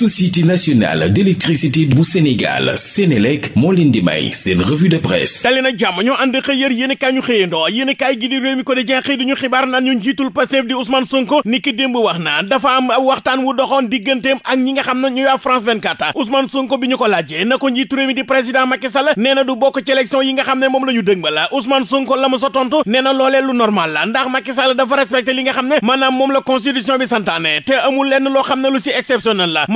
société nationale d'électricité bu Sénégal Sénélec moo leen di may seen revue de presse dali na ñoo ànd xëy yar yéen ñu xëyandoo yéen i kaay gi di réew mi ko di jenxëy di ñu xibaar naan ñu njiitul Pastef di Ousmane Sonko ni ki démb wax na dafa am waxtaan wu doxoon digganteem ak ñi nga xam ne ñooy waa France 24 Ousmane Sonko bi ñu ko laajee na ko njiitu réew mi di président Macky Sall nee na du bokk ci élection yi nga xam na moom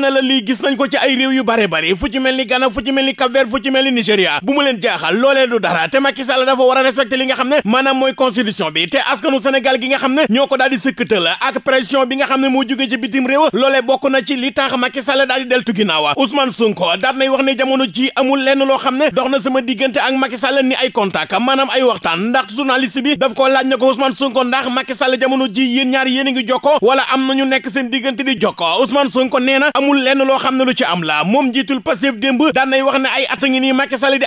la na la lii gis nañ ko ci ay réew yu bare bare fu mel ni Ghana fu mel ni Cap-Vert fu ci mel ni Nigéria bu mu leen jaaxal loolee du dara te Macky dafa war a li nga xam ne maanaam mooy constitution bi te askanu Sénégal gi nga xam ne ñoo ko daal di sëkkatal ak pression bi nga xam ne moo jógee ci bitim réew loolee bokk na ci li tax Macky Sall daal di deltu loo xam ne dox na sama diggante ak Macky Sall ni ay contact maanaam ay waxtaan ndax journaliste bi daf ko laaj na ko Ousmane Sonko ndax Macky Sall jamono ji yéen ñaar yéen a ngi jokkoo wala am na ñu nekk seen diggante di jokkoo Ousmane lenn loo xam ne lu ci am la moom njiitul Pastef démb daan nay wax ne ay at a ngi nii Macky Sall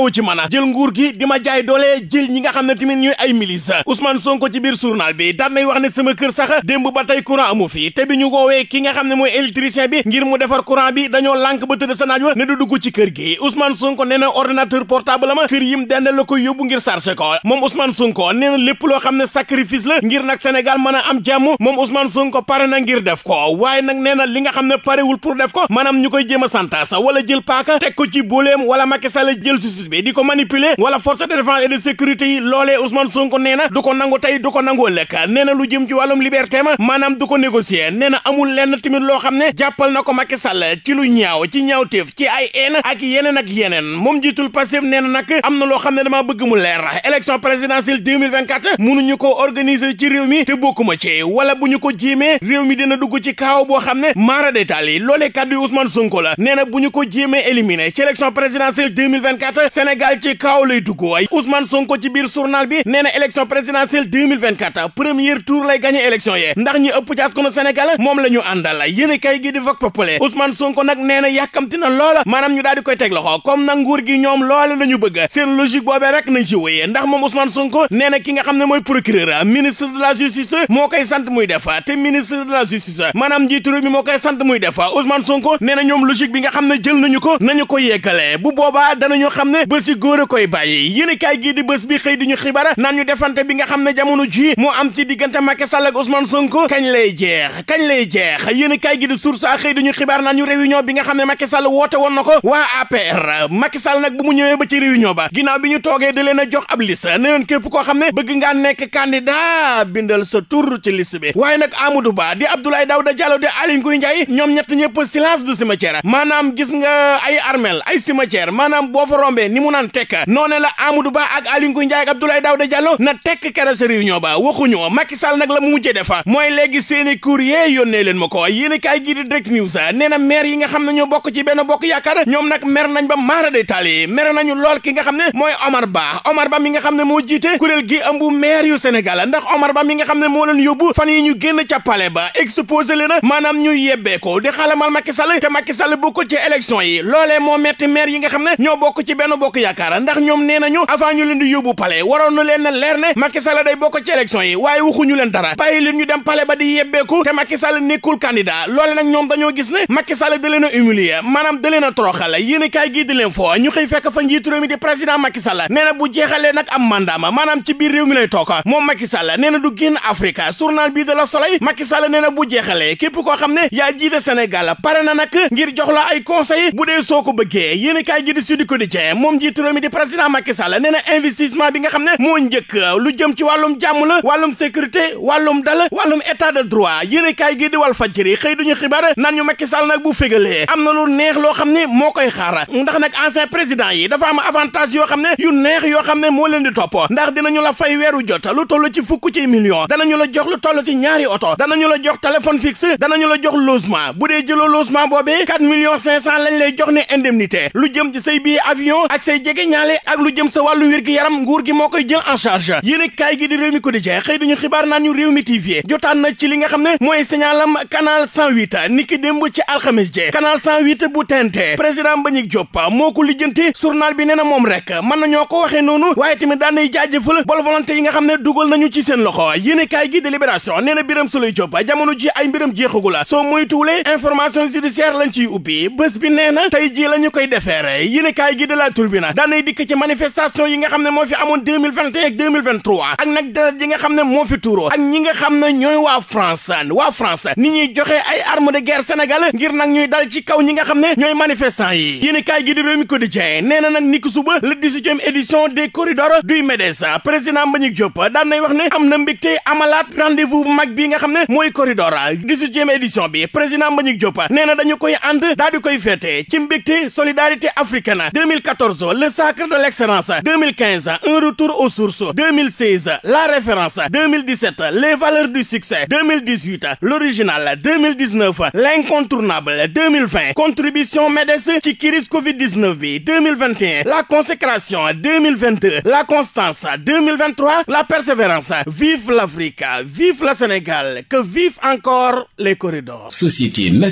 wu ci man jël nguur gi di ma jaay doole jël ñi nga xam ne tamit ñuy ay milice Ousmane Sonko ci biir journal bi daan nay wax ne sama kër sax démb ba tey courant amu fi te bi ñu woowee ki nga xam ne mooy électricien bi ngir mu defar courant bi dañoo lank ba tëdd sa naaj wa ne du dugg ci kër gi Ousmane Sonko nee na ordinateur portable ma kër yim dend la koy yóbbu ngir chargé ko moom Ousmane Sonko nee na lépp loo xam ne sacrifice la ngir nag Sénégal mën a am jàmm moom Ousmane Sonko pare na ngir def ko li nga xam ne parewul Diouf pour def ko maanaam ñu koy jéem a santaas wala jël paaka te ko ci booleem wala Macky Sall jël justice bi di ko manipuler wala force de défense et de sécurité yi loolee Ousmane Sonko nee na du ko nangu tey du ko nangu ëllëg nee na lu jëm ci wàllum liberté ma maanaam du ko négocier nee na amul lenn tamit loo xam ne jàppal na ko Macky Sall ci lu ñaaw ci ñaawteef ci ay een ak yeneen ak yeneen moom jiitul Pastef nee na nag am na loo xam ne damaa bëgg mu leer élection présidentielle 2024 mënuñu ko organiser ci réew mi te bokkuma ci wala bu ñu ko jéemee réew mi dina dugg ci kaaw boo xam ne maara loolee kàddu yi Ousmane Sonko la nee na bu ñu ko jéemee éliminé ci élection présidentielle 2024 Sénégal ci kaw lay dugg waay Ousmane Sonko ci biir journal bi nee na élection présidentielle 2024 premier tour lay gagné élection yee ndax ñi ëpp ci askanu Sénégal moom la ñu àndal yéen a gi di Vox Populi Ousmane Sonko nag nee na yàkkamti na loola maanaam ñu daal koy teg loxo comme nag nguur gi ñoom loola la ñu seen logique boobee na waaw Ousmane Sonko nee na ñoom logique bi nga xam ne jël nañu ko nañu ko yeggale bu boobaa danañu xam ne bés yi góor a koy bàyyi yéen kaay gii di bés bi xëy di ñu xibar naan ñu defante bi nga xam ne jamono ji moo am ci diggante Macky Sall ak Ousmane Sonko kañ lay jeex kañ lay jeex yéen kaay gii di source a xëy di ñu xibaar naan ñu réunion bi nga xam ne Macky Sall woote woon na ko waa APR Macky Sall nag bu mu ñëwee ba ci réunion ba ginnaaw bi ñu toogee da leen a jox ab liste ne leen képp koo xam ne bëgg ngaa nekk candidat bindal sa tur ci liste bi waaye nag Amadou Ba di Abdoulaye Daouda Diallo di Aly Ngouille ñëpp silence du cimetière maanaam gis nga ay armeel ay cimetière maanaam boo fa rombee ni mu naan tekk noone la Amadou Ba ak Aly Ngouille Ndiaye ak Abdoulaye Daouda Diallo na tekk kere sa réunion ba waxuñu Macky Sall nag la mu mujjee defa mooy léegi seeni courrier yónnee leen ma ko yéen i kaay gii di direct news na maire yi nga xam ne ñoo bokk ci benn bokk yaakaar ñoom nag mer nañ ba maara de taali mer nañu lool ki nga xam ne mooy Omar Ba Omar Ba mi nga xam ne moo jiite kuréel gi ëmb maire yu Sénégal ndax Omar Ba mi nga xam ne moo leen yóbbu fan yi ñu génn ca palais ba exposé leen maanaam ñu yebbee di xal xalamal Macky Sall te Macky Sall bokkul ci élection yi loolee moo metti maire yi nga xam ne ñoo bokk ci benn bokk yaakaar ndax ñoom nee a avant ñu leen di yóbbu palais waroon na leen na leer ne Macky Sall day bokk ci élection yi waaye waxuñu leen dara bàyyi leen ñu dem palais ba di yebbeeku te Macky Sall nekkul candidat loole nag ñoom dañoo gis ne Macky Sall da leen a humilier maanaam da leen a toroxal yéen i kaay gii di leen foo ñu xëy fekk fa njiitu réew mi di président Macky na bu jeexalee nag biir réew mi lay toog moom Macky Sall nee na du génn Afrique journal na bu jeexalee képp koo xam ne yaa jiite Sénégal Sénégal pare na nag ngir jox la ay conseil bu dee soo ko bëggee yéen a kaay gi di Sud Quotidien moom jiitu réew mi di président Macky Sall nee na investissement bi nga xam ne moo njëkk lu jëm ci wàllum jàmm la wàllum sécurité wàllum dal wàllum état de droit yéen a kaay wal di xëy du ñu duñu xibaar naan ñu Macky Sall nag bu fégalee am na lu neex loo xam ne moo koy xaar ndax nag ancien président yi dafa am avantage yoo xam ne yu neex yoo xam ne moo leen di topp ndax dinañu la fay weeru toll ci fukk million danañu la jox lu toll ci ñaari oto danañu la jox téléphone fixe danañu la jox logement jëloo logement boobee quatre millions cinq cent lañ lay jox ne indemnité lu jëm ci say billet avion ak say jege ñaale ak lu jëm sa wàllu wér gi yaram nguur gi moo koy jël en charge yéen a kaay gi di réew mi ko di jeex xëy dañu xibaar naan ñu réew mi TV jotaan na ci li nga xam ne mooy signalam canal 108 niki démb ci alxames je canal 108 bu TNT président Mbagnick Diop moo ko lijjanti journal bi nee na moom rek mën nañoo ko waxee noonu waaye tamit daan nay jaajëfal bonne volonté yi nga xam ne dugal nañu ci seen loxo yéen a kaay gi di Libération nee na Birame Souleye Diop jamono ji ay mbiram jeexagul soo moytuwulee information information judiciaire lañ ciy bi nee na tey jii la ñu koy defeere yéen kaay gi de la turbina daanay dikk ci manifestation yi nga xam ne moo fi amoon 2021 nag deret yi nga xam ne moo fi tuuroo ak ñi nga xam ne ñooy waa France waa France ni ñuy joxe ay armes de guerre Sénégal gir nag ñuy dal ci kaw ñi nga xam ne ñooy manifestant yi yéen kaay gi di Rewmi Quotidien nee na nag ni ki suba le 18e édition des corridors du MEDES président Mbagnick Diop daan nay na mbégte amalaat bi nga mooy corridor 18e édition bi Diop nee na dañu koy ànd daal di koy féetee ci mbégte solidarité africaine 2014 le sacre de l' excellence 2015 un retour aux sources 2016 la référence 2017 les valeurs du succès 2018 l'original 2019 l'incontournable 2020 contribution MEDES ci crise Covid 19 bi 2021 la consécration 2022 la constance 2023 la persévérance vive l'Afrique vive le Sénégal que vivent encore les corridors société